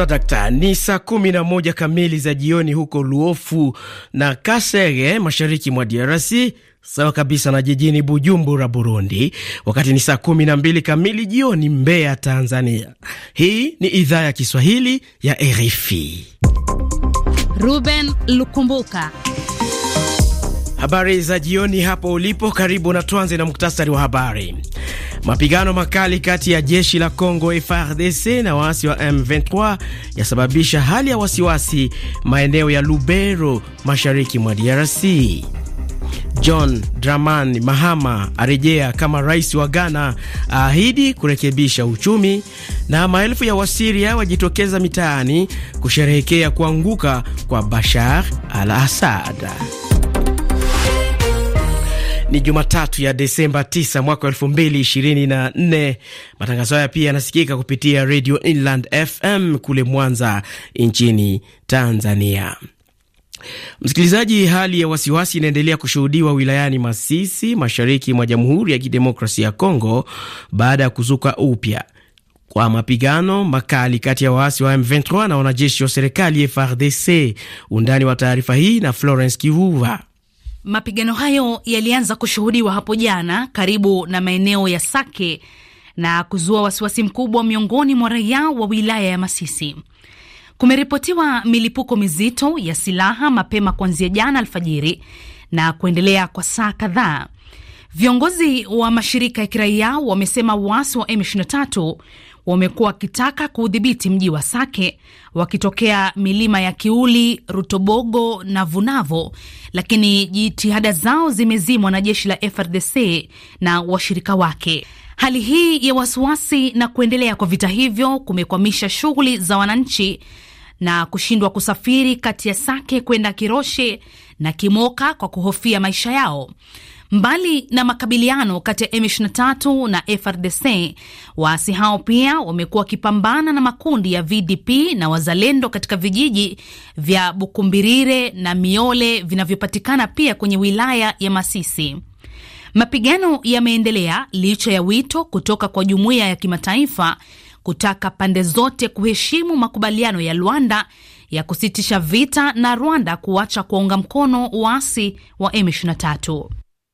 Haswa dakta, ni saa kumi na moja kamili za jioni huko Luofu na Kasege, mashariki mwa DRC, sawa kabisa na jijini Bujumbura, Burundi. Wakati ni saa kumi na mbili kamili jioni Mbeya, Tanzania. Hii ni idhaa ya Kiswahili ya RFI. Ruben Lukumbuka, habari za jioni hapo ulipo. Karibu na tuanze na muktasari wa habari. Mapigano makali kati ya jeshi la Congo frdc na waasi wa M23 yasababisha hali ya wasiwasi maeneo ya Lubero mashariki mwa DRC. John Dramani Mahama arejea kama rais wa Ghana, aahidi kurekebisha uchumi, na maelfu ya Wasiria wajitokeza mitaani kusherehekea kuanguka kwa Bashar al-Assad. Ni Jumatatu ya Desemba 9 mwaka e224 Matangazo haya pia yanasikika kupitia Radio Inland FM kule Mwanza nchini Tanzania. Msikilizaji, hali ya wasiwasi inaendelea kushuhudiwa wilayani Masisi, mashariki mwa Jamhuri ya Kidemokrasia ya Kongo baada ya kuzuka upya kwa mapigano makali kati ya waasi wa M23 na wanajeshi wa serikali frdc Undani wa taarifa hii na Florence Kivuva. Mapigano hayo yalianza kushuhudiwa hapo jana karibu na maeneo ya Sake na kuzua wasiwasi mkubwa miongoni mwa raia wa wilaya ya Masisi. Kumeripotiwa milipuko mizito ya silaha mapema kuanzia jana alfajiri na kuendelea kwa saa kadhaa. Viongozi wa mashirika ya kiraia wamesema waasi wa M23 wamekuwa wakitaka kuudhibiti mji wa Sake wakitokea milima ya Kiuli, Rutobogo na Vunavo, lakini jitihada zao zimezimwa na jeshi la FRDC na washirika wake. Hali hii ya wasiwasi na kuendelea kwa vita hivyo kumekwamisha shughuli za wananchi na kushindwa kusafiri kati ya Sake kwenda Kiroshe na Kimoka kwa kuhofia maisha yao. Mbali na makabiliano kati ya M23 na FRDC, waasi hao pia wamekuwa wakipambana na makundi ya VDP na wazalendo katika vijiji vya Bukumbirire na Miole vinavyopatikana pia kwenye wilaya ya Masisi. Mapigano yameendelea licha ya wito kutoka kwa jumuiya ya kimataifa kutaka pande zote kuheshimu makubaliano ya Luanda ya kusitisha vita na Rwanda kuacha kuwaunga mkono waasi wa M23.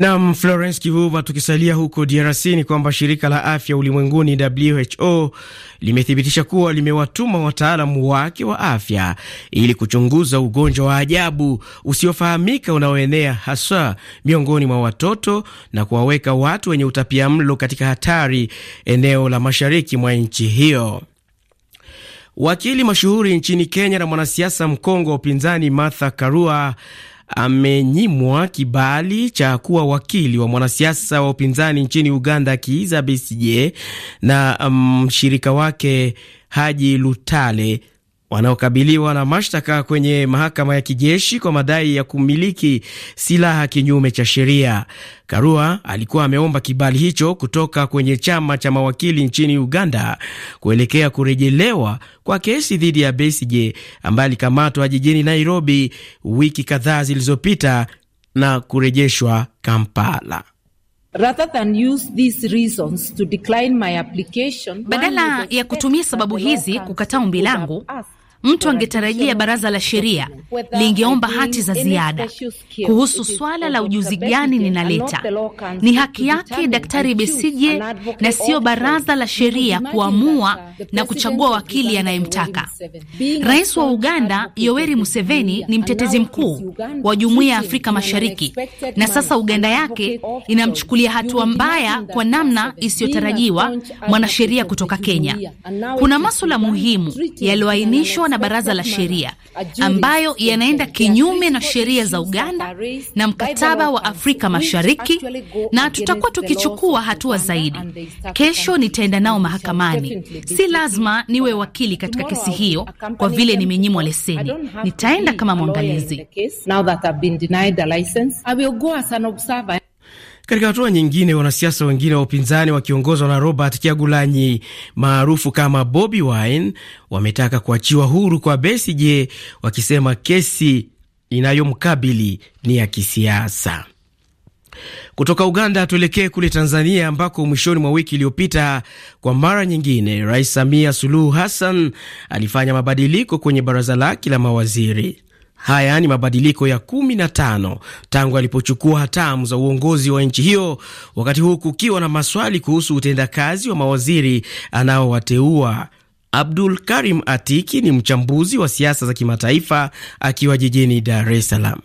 Nam Florence Kivuva. Tukisalia huko DRC ni kwamba shirika la afya ulimwenguni WHO limethibitisha kuwa limewatuma wataalamu wake wa afya ili kuchunguza ugonjwa wa ajabu usiofahamika unaoenea haswa miongoni mwa watoto na kuwaweka watu wenye utapia mlo katika hatari eneo la mashariki mwa nchi hiyo. Wakili mashuhuri nchini Kenya na mwanasiasa mkongwe wa upinzani Martha Karua amenyimwa kibali cha kuwa wakili wa mwanasiasa wa upinzani nchini Uganda Kiiza Besigye na mm, mshirika um, wake Haji Lutale wanaokabiliwa na mashtaka kwenye mahakama ya kijeshi kwa madai ya kumiliki silaha kinyume cha sheria. Karua alikuwa ameomba kibali hicho kutoka kwenye chama cha mawakili nchini Uganda kuelekea kurejelewa kwa kesi dhidi ya Besigye ambaye alikamatwa jijini Nairobi wiki kadhaa zilizopita na kurejeshwa Kampala. Badala ya kutumia sababu hizi kukataa ombi langu, Mtu angetarajia baraza la sheria lingeomba hati za ziada kuhusu swala la ujuzi gani ninaleta. Ni haki yake Daktari Besije na siyo baraza la sheria kuamua na kuchagua wakili anayemtaka. Rais wa Uganda Yoweri Museveni ni mtetezi mkuu wa Jumuiya ya Afrika Mashariki, na sasa Uganda yake inamchukulia hatua mbaya kwa namna isiyotarajiwa mwanasheria kutoka Kenya. Kuna maswala muhimu yaliyoainishwa na baraza la sheria ambayo yanaenda kinyume na sheria za Uganda na mkataba wa Afrika Mashariki, na tutakuwa tukichukua hatua zaidi. Kesho nitaenda nao mahakamani. Si lazima niwe wakili katika kesi hiyo kwa vile nimenyimwa leseni, nitaenda kama mwangalizi. Katika hatua nyingine, wanasiasa wengine wa upinzani wakiongozwa na Robert Kyagulanyi maarufu kama Bobi Wine wametaka kuachiwa huru kwa Besigye, wakisema kesi inayomkabili ni ya kisiasa. Kutoka Uganda tuelekee kule Tanzania, ambako mwishoni mwa wiki iliyopita kwa mara nyingine Rais Samia Suluhu Hassan alifanya mabadiliko kwenye baraza lake la mawaziri. Haya ni mabadiliko ya kumi na tano tangu alipochukua hatamu za uongozi wa nchi hiyo, wakati huu kukiwa na maswali kuhusu utendakazi wa mawaziri anaowateua. Abdul Karim Atiki ni mchambuzi wa siasa za kimataifa akiwa jijini Dar es Salaam.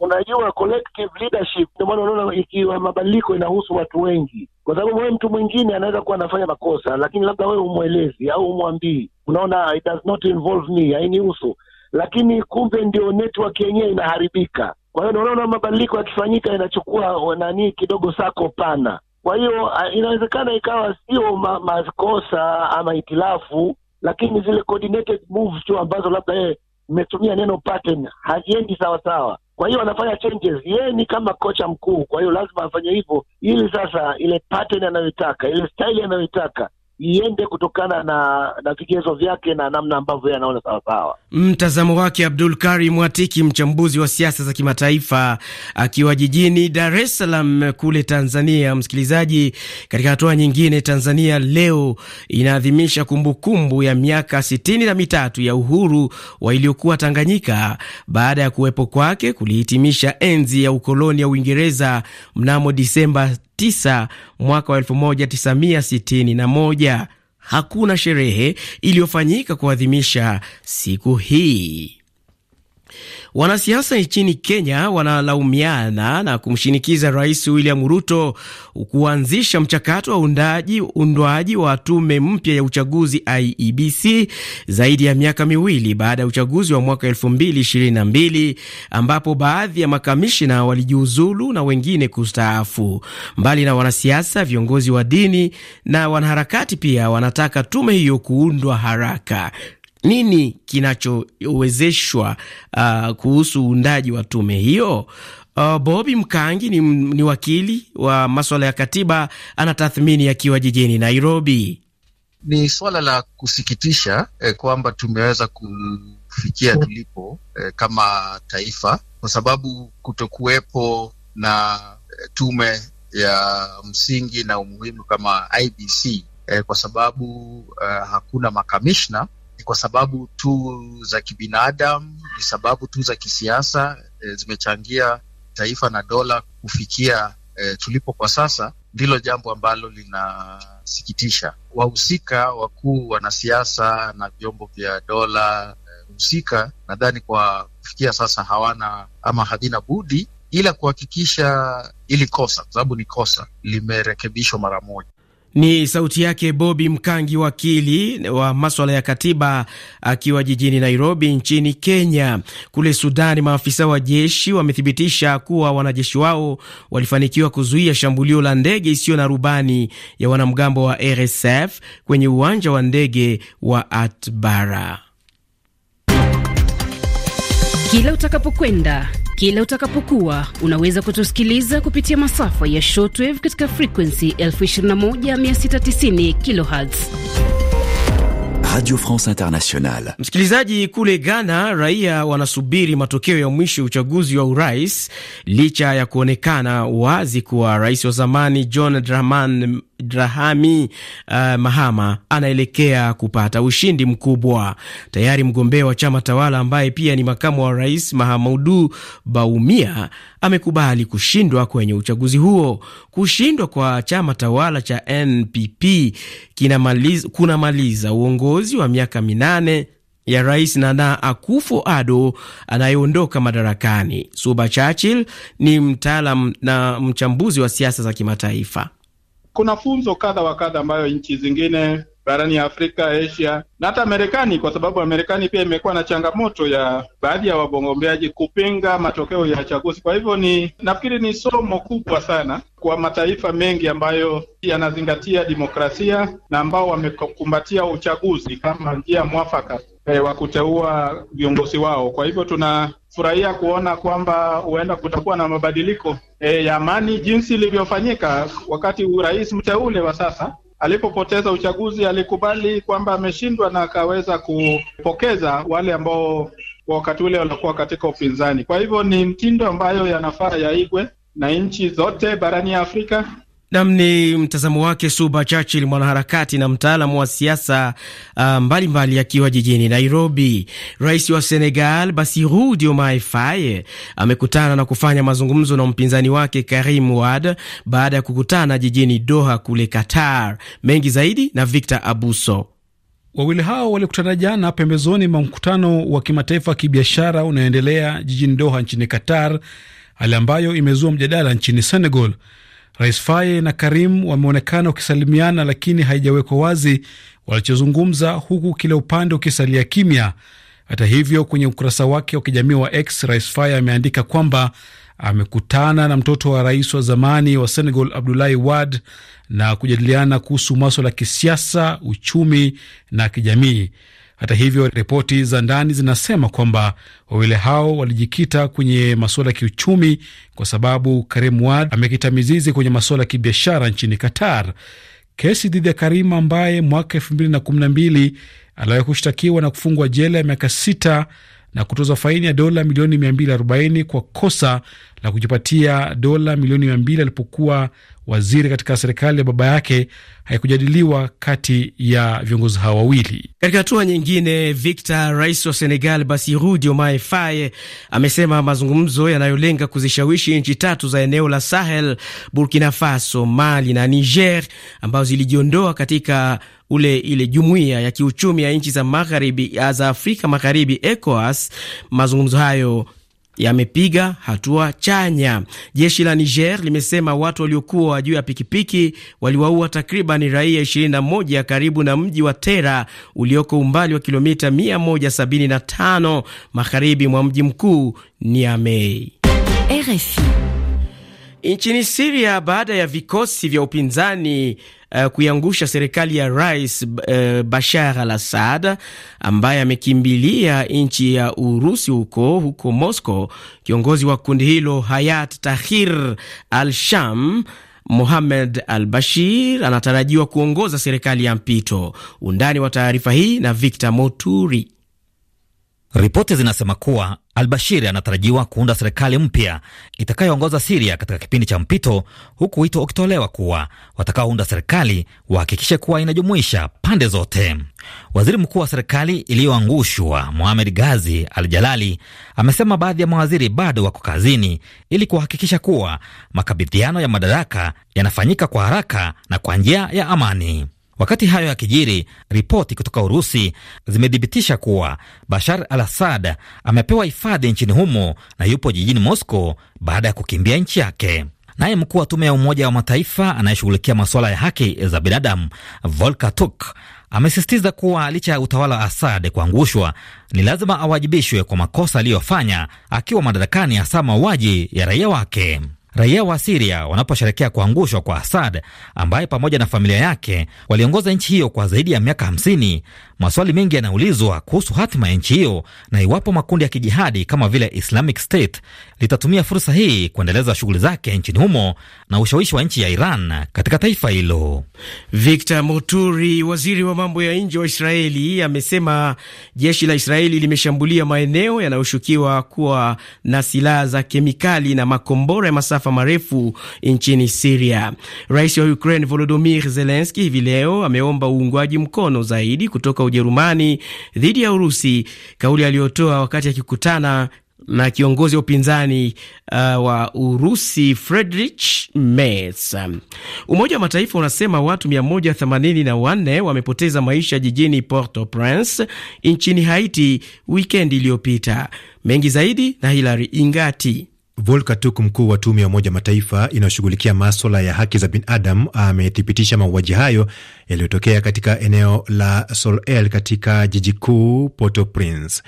Unajua, collective leadership ndio maana unaona ikiwa mabadiliko inahusu watu wengi, kwa sababu wewe mtu mwingine anaweza kuwa anafanya makosa, lakini labda wewe umwelezi au umwambii, unaona it does not involve me, hainihusu lakini kumbe ndio network yenyewe inaharibika. Kwa hiyo unaona mabadiliko yakifanyika inachukua nani kidogo sako pana. Kwa hiyo inawezekana ikawa sio ma, makosa ama hitilafu, lakini zile coordinated moves tu ambazo labda yeye imetumia neno pattern haziendi sawasawa kwa hiyo anafanya changes. Yeye ni kama kocha mkuu, kwa hiyo lazima afanye hivyo, ili sasa ile pattern anayoitaka, ile style anayoitaka iende kutokana na na vigezo vyake na namna ambavyo anaona sawasawa. Mtazamo wake Abdul Karim Watiki, mchambuzi wa siasa za kimataifa, akiwa jijini Dar es Salaam kule Tanzania. Msikilizaji, katika hatua nyingine, Tanzania leo inaadhimisha kumbukumbu ya miaka sitini na mitatu ya uhuru wa iliyokuwa Tanganyika baada ya kuwepo kwake kulihitimisha enzi ya ukoloni ya Uingereza mnamo Disemba 9 mwaka wa 1961. Hakuna sherehe iliyofanyika kuadhimisha siku hii. Wanasiasa nchini Kenya wanalaumiana na kumshinikiza Rais William Ruto kuanzisha mchakato wa undaji undwaji wa tume mpya ya uchaguzi IEBC zaidi ya miaka miwili baada ya uchaguzi wa mwaka 2022 ambapo baadhi ya makamishina walijiuzulu na wengine kustaafu. Mbali na wanasiasa, viongozi wa dini na wanaharakati pia wanataka tume hiyo kuundwa haraka nini kinachowezeshwa uh, kuhusu uundaji wa tume hiyo? Uh, Bobi Mkangi ni, ni wakili wa maswala ya katiba, ana tathmini akiwa jijini Nairobi. Ni swala la kusikitisha eh, kwamba tumeweza kufikia tulipo eh, kama taifa, kwa sababu kutokuwepo na eh, tume ya msingi na umuhimu kama IBC eh, kwa sababu eh, hakuna makamishna kwa sababu tu za kibinadamu, ni sababu tu za kisiasa e, zimechangia taifa na dola kufikia e, tulipo kwa sasa, ndilo jambo ambalo linasikitisha. Wahusika wakuu, wanasiasa na vyombo vya dola eh, husika, nadhani kwa kufikia sasa hawana ama havina budi ila kuhakikisha ili kosa, kwa sababu ni kosa, limerekebishwa mara moja. Ni sauti yake Bobi Mkangi, wakili wa maswala ya katiba, akiwa jijini Nairobi nchini Kenya. Kule Sudani, maafisa wa jeshi wamethibitisha kuwa wanajeshi wao walifanikiwa kuzuia shambulio la ndege isiyo na rubani ya wanamgambo wa RSF kwenye uwanja wa ndege wa Atbara. Kila utakapokwenda kila utakapokuwa unaweza kutusikiliza kupitia masafa ya shortwave katika frekuensi 21690 kHz. Radio France Internationale. Msikilizaji, kule Ghana raia wanasubiri matokeo ya mwisho ya uchaguzi wa urais licha ya kuonekana wazi kuwa rais wa zamani John Dramani Drahami uh, eh, Mahama anaelekea kupata ushindi mkubwa. Tayari mgombea wa chama tawala ambaye pia ni makamu wa rais Mahamudu Baumia amekubali kushindwa kwenye uchaguzi huo. Kushindwa kwa chama tawala cha NPP kinamaliza, kunamaliza uongozi wa miaka minane ya Rais Nana akufo ado anayeondoka madarakani. Suba Churchill ni mtaalam na mchambuzi wa siasa za kimataifa kuna funzo kadha wa kadha ambayo nchi zingine barani ya Afrika, Asia na hata Marekani, kwa sababu Marekani pia imekuwa na changamoto ya baadhi ya wagombeaji kupinga matokeo ya chaguzi. Kwa hivyo ni nafikiri ni somo kubwa sana kwa mataifa mengi ambayo yanazingatia demokrasia na ambao wamekumbatia uchaguzi kama njia mwafaka eh, wa kuteua viongozi wao. Kwa hivyo tuna furahia kuona kwamba huenda kutakuwa na mabadiliko e, ya amani jinsi ilivyofanyika wakati rais mteule wa sasa alipopoteza uchaguzi alikubali kwamba ameshindwa na akaweza kupokeza wale ambao kwa wakati ule walikuwa katika upinzani. Kwa hivyo ni mtindo ambayo yanafaa yaigwe na nchi zote barani ya Afrika Nam ni mtazamo wake Suba Churchill, mwanaharakati na mtaalamu wa siasa uh, mbalimbali, akiwa jijini Nairobi. Rais wa Senegal basi Diomaye Faye amekutana na kufanya mazungumzo na mpinzani wake Karim wad baada ya kukutana jijini Doha kule Qatar. Mengi zaidi na Victor Abuso. Wawili hao walikutana jana pembezoni mwa mkutano wa kimataifa wa kibiashara unaoendelea jijini Doha nchini Qatar, hali ambayo imezua mjadala nchini Senegal. Rais Faye na Karim wameonekana wakisalimiana, lakini haijawekwa wazi walichozungumza, huku kila upande ukisalia kimya. Hata hivyo, kwenye ukurasa wake wa kijamii wa X, Rais Faye ameandika kwamba amekutana na mtoto wa rais wa zamani wa Senegal Abdoulaye wad na kujadiliana kuhusu maswala ya kisiasa, uchumi na kijamii. Hata hivyo, ripoti za ndani zinasema kwamba wawili hao walijikita kwenye masuala ya kiuchumi, kwa sababu Karim Wad amekita mizizi kwenye masuala ya kibiashara nchini Qatar. Kesi dhidi ya Karim ambaye mwaka elfu mbili na kumi na mbili aliwahi kushtakiwa na kufungwa jela ya miaka sita na kutozwa faini ya dola milioni 240 kwa kosa la kujipatia dola milioni 200 alipokuwa waziri katika serikali ya baba yake haikujadiliwa kati ya viongozi hao wawili. Katika hatua nyingine, Victor, rais wa Senegal Bassirou Diomaye Faye amesema mazungumzo yanayolenga kuzishawishi nchi tatu za eneo la Sahel, Burkina Faso, Mali na Niger ambazo zilijiondoa katika ule ile jumuiya ya kiuchumi ya nchi za magharibi za Afrika Magharibi, ECOWAS. Mazungumzo hayo yamepiga hatua chanya. Jeshi la Niger limesema watu waliokuwa juu ya pikipiki waliwaua takriban raia 21 karibu na mji wa Tera ulioko umbali wa kilomita 175 magharibi mwa mji mkuu Niamey. RFI Nchini Siria baada ya vikosi vya upinzani uh, kuiangusha serikali ya Rais uh, Bashar al-Assad ambaye amekimbilia nchi ya Urusi huko huko Moscow, kiongozi wa kundi hilo Hayat Tahrir al-Sham Mohamed al-Bashir anatarajiwa kuongoza serikali ya mpito. Undani wa taarifa hii na Victor Moturi. Ripoti zinasema kuwa Albashiri anatarajiwa kuunda serikali mpya itakayoongoza Siria katika kipindi cha mpito, huku wito ukitolewa kuwa watakaounda serikali wahakikishe kuwa inajumuisha pande zote. Waziri mkuu wa serikali iliyoangushwa Mohamed Gazi Al Jalali amesema baadhi ya mawaziri bado wako kazini ili kuhakikisha kuwa makabidhiano ya madaraka yanafanyika kwa haraka na kwa njia ya amani. Wakati hayo yakijiri, ripoti kutoka Urusi zimethibitisha kuwa Bashar al Assad amepewa hifadhi nchini humo na yupo jijini Moscow baada ya kukimbia nchi yake. Naye mkuu wa tume ya Umoja wa Mataifa anayeshughulikia masuala ya haki za binadamu Volker Turk amesisitiza kuwa licha ya utawala wa Assad kuangushwa ni lazima awajibishwe kwa makosa aliyofanya akiwa madarakani, hasa mauaji ya raia wake. Raia wa Siria wanaposherekea kuangushwa kwa Asad ambaye pamoja na familia yake waliongoza nchi hiyo kwa zaidi ya miaka 50, maswali mengi yanaulizwa kuhusu hatima ya nchi hiyo na iwapo makundi ya kijihadi kama vile Islamic State litatumia fursa hii kuendeleza shughuli zake nchini humo na ushawishi wa nchi ya Iran katika taifa hilo. Victor Moturi, waziri wa mambo ya nje wa Israeli, amesema jeshi la Israeli limeshambulia maeneo yanayoshukiwa kuwa na silaha za kemikali na makombora ya masa masafa marefu nchini Siria. Rais wa Ukraine Volodymyr Zelensky hivi leo ameomba uungwaji mkono zaidi kutoka Ujerumani dhidi ya Urusi, kauli aliyotoa wakati akikutana na kiongozi wa upinzani uh, wa Urusi Friedrich Merz. Umoja wa Mataifa unasema watu 184 wamepoteza maisha jijini Port-au-Prince nchini Haiti wikendi iliyopita. Mengi zaidi na Hilary Ingati. Volker Turk, mkuu wa tume ya Umoja Mataifa inayoshughulikia maswala ya haki za binadamu, amethibitisha mauaji hayo yaliyotokea katika eneo la solel katika jiji kuu Port-au-Prince.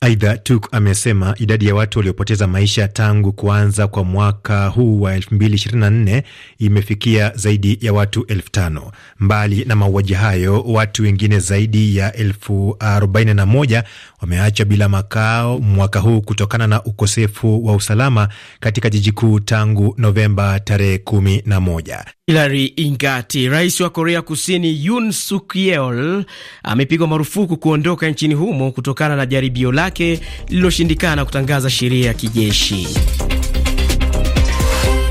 Aidha, Tuk amesema idadi ya watu waliopoteza maisha tangu kuanza kwa mwaka huu wa 2024 imefikia zaidi ya watu elfu tano. Mbali na mauaji hayo, watu wengine zaidi ya elfu arobaini na moja wameacha bila makao mwaka huu kutokana na ukosefu wa usalama katika jiji kuu tangu Novemba tarehe 11. Hilary Ingati. Rais wa Korea Kusini Yoon Suk Yeol amepigwa marufuku kuondoka nchini humo kutokana na jaribio lake lililoshindikana kutangaza sheria ya kijeshi.